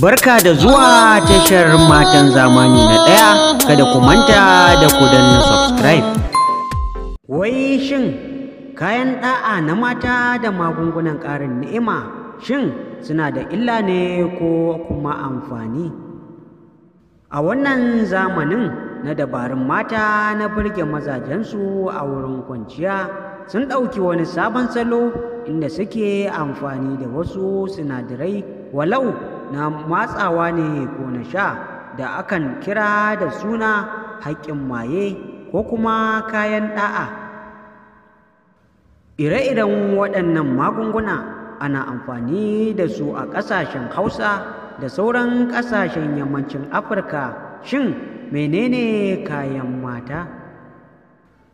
Barka da zuwa tashar matan zamani na ɗaya kada ku manta da ku danna subscribe. Wai shin kayan ɗa'a na mata da magungunan ƙarin ni'ima shin suna da illa ne ko kuma amfani? A wannan zamanin na dabarun mata na birge mazajensu a wurin kwanciya sun ɗauki wani sabon salo inda suke amfani da wasu sinadarai walau na matsawa ne ko na sha da akan kira da suna haƙƙin maye ko kuma kayan ɗa'a. Ire-iren waɗannan magunguna ana amfani da su a ƙasashen Hausa da sauran ƙasashen yammacin Afirka shin menene kayan mata?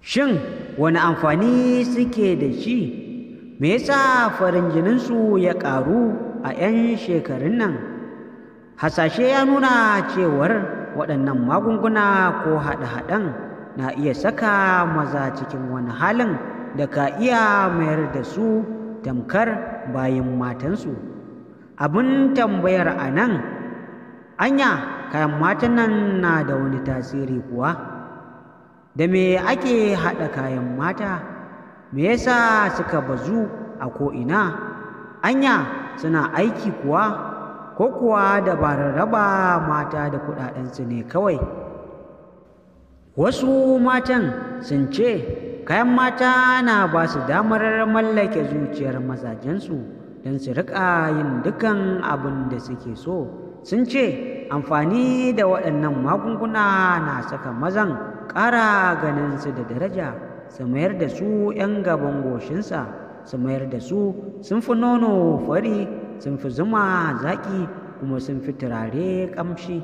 Shin wani amfani suke da shi? Me yasa farin jininsu ya ƙaru a 'yan shekarun nan? hasashe ya nuna cewar waɗannan magunguna ko haɗa haɗan na iya saka maza cikin wani halin da ka iya mayar da su tamkar bayan matansu abin tambayar a nan anya kayan matan nan na da wani tasiri kuwa da me ake haɗa kayan mata me yasa suka bazu a ko'ina anya suna aiki kuwa ko kuwa dabarar raba mata da kuɗaɗensu ne kawai wasu matan sun ce kayan mata na ba su damar mallake zuciyar mazajensu don su riƙa yin dukan abin da suke so sun ce amfani da waɗannan magunguna na saka mazan ƙara ganinsu da daraja su mayar da su 'yan gaban goshinsa su mayar da su sun fi nono fari sun fi zuma zaƙi kuma sun fi turare ƙamshi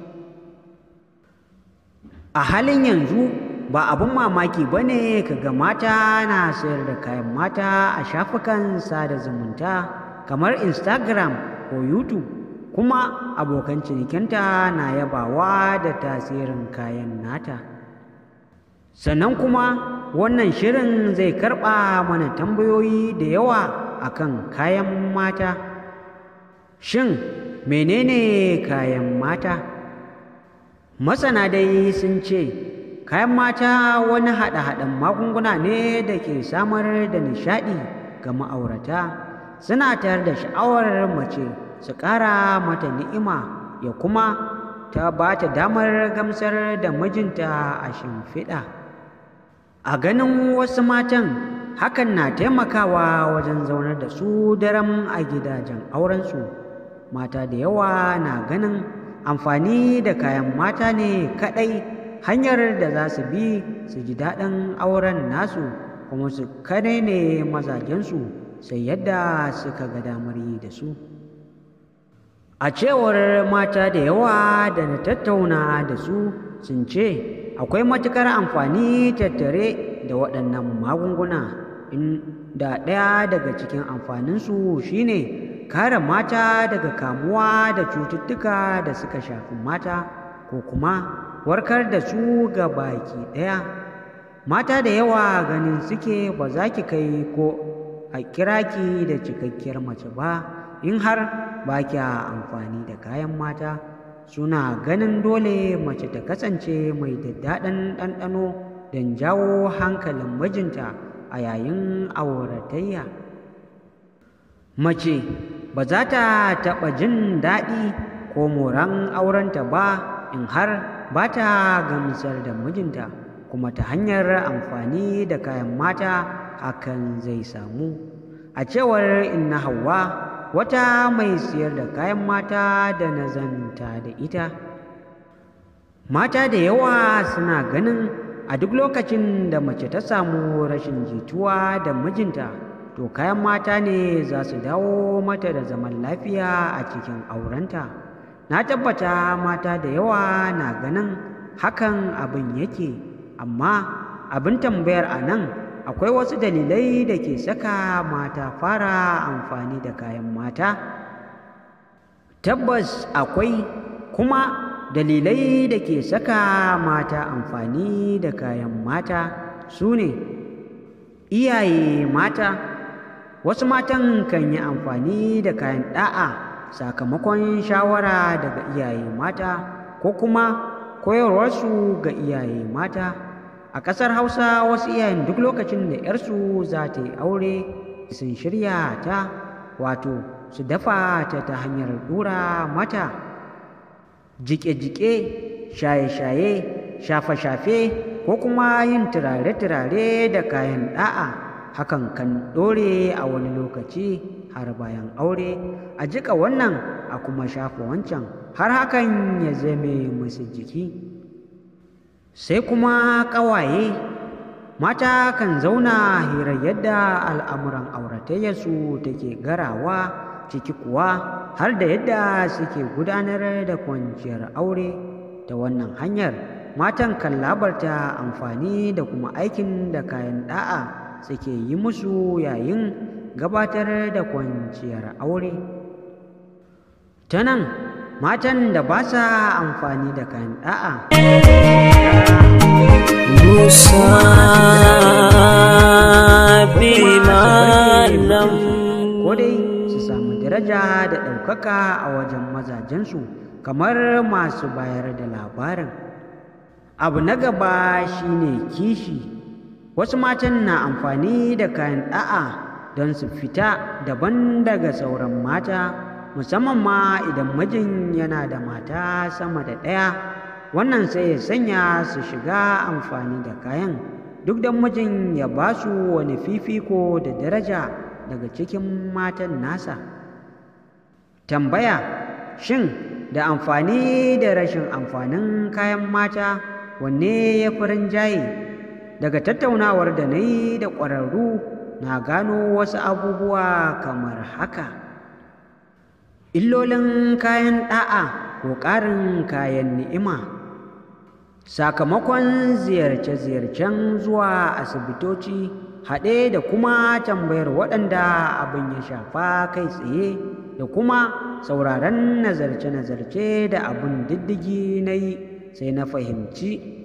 a halin yanzu ba abin mamaki ba ne kaga mata na sayar da kayan mata a shafukan sada zumunta kamar instagram ko youtube kuma abokan cinikinta na yabawa da tasirin kayan nata sannan kuma wannan shirin zai karɓa mana tambayoyi da yawa akan kayan mata Shin menene kayan mata? Masana dai sun ce, kayan mata wani haɗa-haɗan magunguna ne da ke samar da nishaɗi ga ma'aurata, suna tayar da sha'awar mace su ƙara mata ni'ima ya kuma ta ba ta damar gamsar da mijinta a shimfiɗa. A ganin wasu matan, hakan na taimakawa wajen zaunar da su daram a gidajen aurensu. mata da yawa na ganin amfani da kayan mata ne kaɗai hanyar da za su bi su ji daɗin auren nasu kuma su kadai ne mazajensu sai yadda suka ga damar yi da su a cewar mata da yawa da na tattauna da su sun ce akwai matukar amfani tattare da waɗannan magunguna inda ɗaya daga cikin amfaninsu shine kare mata daga kamuwa da cututtuka da suka shafi mata ko kuma warkar da su ga baki ɗaya mata da yawa ganin suke ba za ki kai ko a kira ki da cikakkiyar mace ba in har ba kya amfani da kayan mata suna ganin dole mace ta kasance mai daddaɗan ɗanɗano don jawo hankalin mijinta a yayin auratayya mace ba za ta taɓa jin daɗi ko moran aurenta ba in har ba ta gamsar da mijinta kuma ta hanyar amfani da kayan mata hakan zai samu a cewar inna hawa wata mai siyar da kayan mata da nazanta da ita mata da yawa suna ganin a duk lokacin da mace ta samu rashin jituwa da mijinta to kayan mata ne za su dawo mata da zaman lafiya a cikin aurenta na tabbata mata da yawa na ganin hakan abin yake amma abin tambayar a nan akwai wasu dalilai da ke saka mata fara amfani da kayan mata tabbas akwai kuma dalilai da ke saka mata amfani da kayan mata su ne iyaye mata wasu matan kan yi amfani da kayan ɗa'a sakamakon shawara daga iyaye mata ko kuma koyarwarsu ga iyaye mata a ƙasar hausa wasu iyayen duk lokacin da 'yarsu za ta yi aure sun shirya ta wato su dafa ta ta hanyar ɗura mata jike-jike shaye-shaye shafe-shafe ko kuma yin turare-turare da kayan ɗa'a hakan kan ɗore a wani lokaci har bayan aure a jika wannan a kuma shafa wancan har hakan ya zame musu jiki sai kuma ƙawaye mata kan zauna hirar yadda al'amuran auratayyarsu take garawa ciki kuwa har da yadda suke gudanar da kwanciyar aure ta wannan hanyar matan kan labarta amfani da kuma aikin da kayan ɗa'a. suke yi musu yayin gabatar da kwanciyar aure ta nan matan da ba sa amfani da kayan ɗa'a Musa ko dai su samu daraja da ɗaukaka a wajen mazajensu kamar masu bayar da labarin abu na gaba shine kishi wasu matan na amfani da kayan ɗa'a don su fita daban daga sauran mata musamman ma idan mijin yana da mata sama da ɗaya wannan sai ya sanya su shiga amfani da kayan duk da mijin ya ba su wani fifiko da daraja daga cikin matan nasa tambaya shin da amfani da rashin amfanin kayan mata wanne ya fi rinjaye daga tattaunawar da na yi da ƙwararru na gano wasu abubuwa kamar haka illolin kayan ɗa'a ko ƙarin kayan ni'ima sakamakon ziyarce-ziyarcen zuwa asibitoci haɗe da kuma tambayar waɗanda abin ya shafa kai tsaye da kuma sauraron nazarce-nazarce da abin diddigi na yi sai na fahimci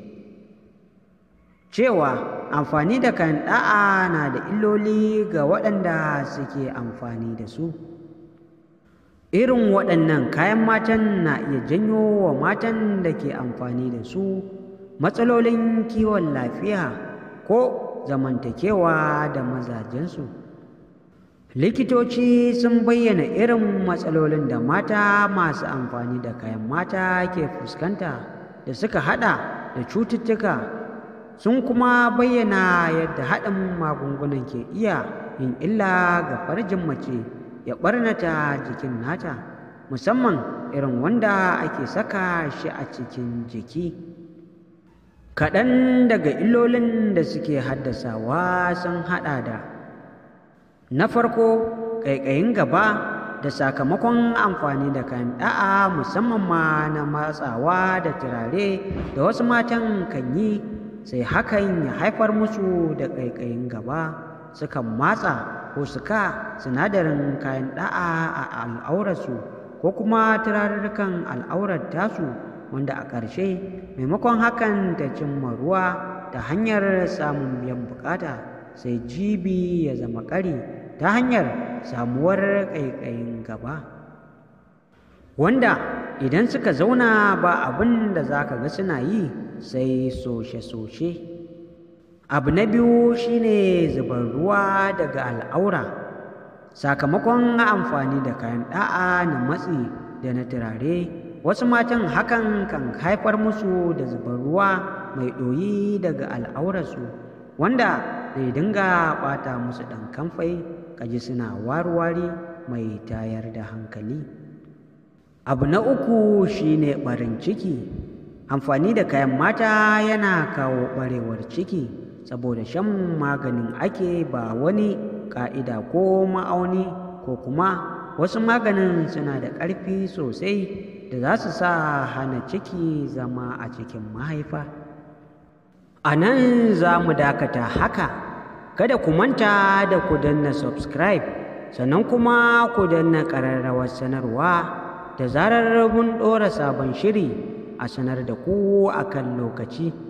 cewa amfani da kayan da'a na da illoli ga waɗanda suke amfani da su irin waɗannan kayan matan na iya janyo wa matan da ke amfani da su matsalolin kiwon lafiya ko zamantakewa da mazajensu likitoci sun bayyana irin matsalolin da mata masu amfani da kayan mata ke fuskanta da suka hada da cututtuka sun kuma bayyana yadda haɗin magungunan ke iya yin illa ga farjin mace ya ɓarnata jikin nata musamman irin wanda ake saka shi a cikin jiki kaɗan daga illolin da suke haddasawa sun haɗa da na farko ƙaiƙayin gaba da sakamakon amfani da kayan ɗa'a musamman ma na matsawa da turare da wasu matan kan yi sai hakan ya haifar musu da ƙaiƙayin gaba sukan matsa ko ka sinadarin kayan ɗa'a a al'aurarsu ko kuma turarurrukan al'aurar tasu wanda a ƙarshe maimakon hakan ta cimma ruwa ta hanyar samun biyan bukata sai jibi ya zama ƙari ta hanyar samuwar ƙaiƙayin gaba wanda idan suka zauna ba abin da za ka ga suna yi sai soshe-soshe abu na biyu shine zubar ruwa daga al'aura sakamakon amfani da kayan ɗa'a na matsi da na turare wasu matan hakan kan haifar musu da zubar ruwa mai ɗoyi daga al'aurarsu wanda zai dinga ɓata musu ɗan kamfai kaji suna warware mai tayar da hankali abu na uku shine ɓarin ciki amfani da kayan mata yana kawo ɓarewar ciki saboda shan maganin ake ba wani ƙa'ida ko ma'auni ko kuma wasu maganin suna da ƙarfi sosai da za su sa hana ciki zama a cikin mahaifa a nan za mu dakata haka kada ku manta da ku danna subscribe sannan kuma ku danna ƙararrawar sanarwa da zarar mun ɗora sabon shiri a sanar da ku akan lokaci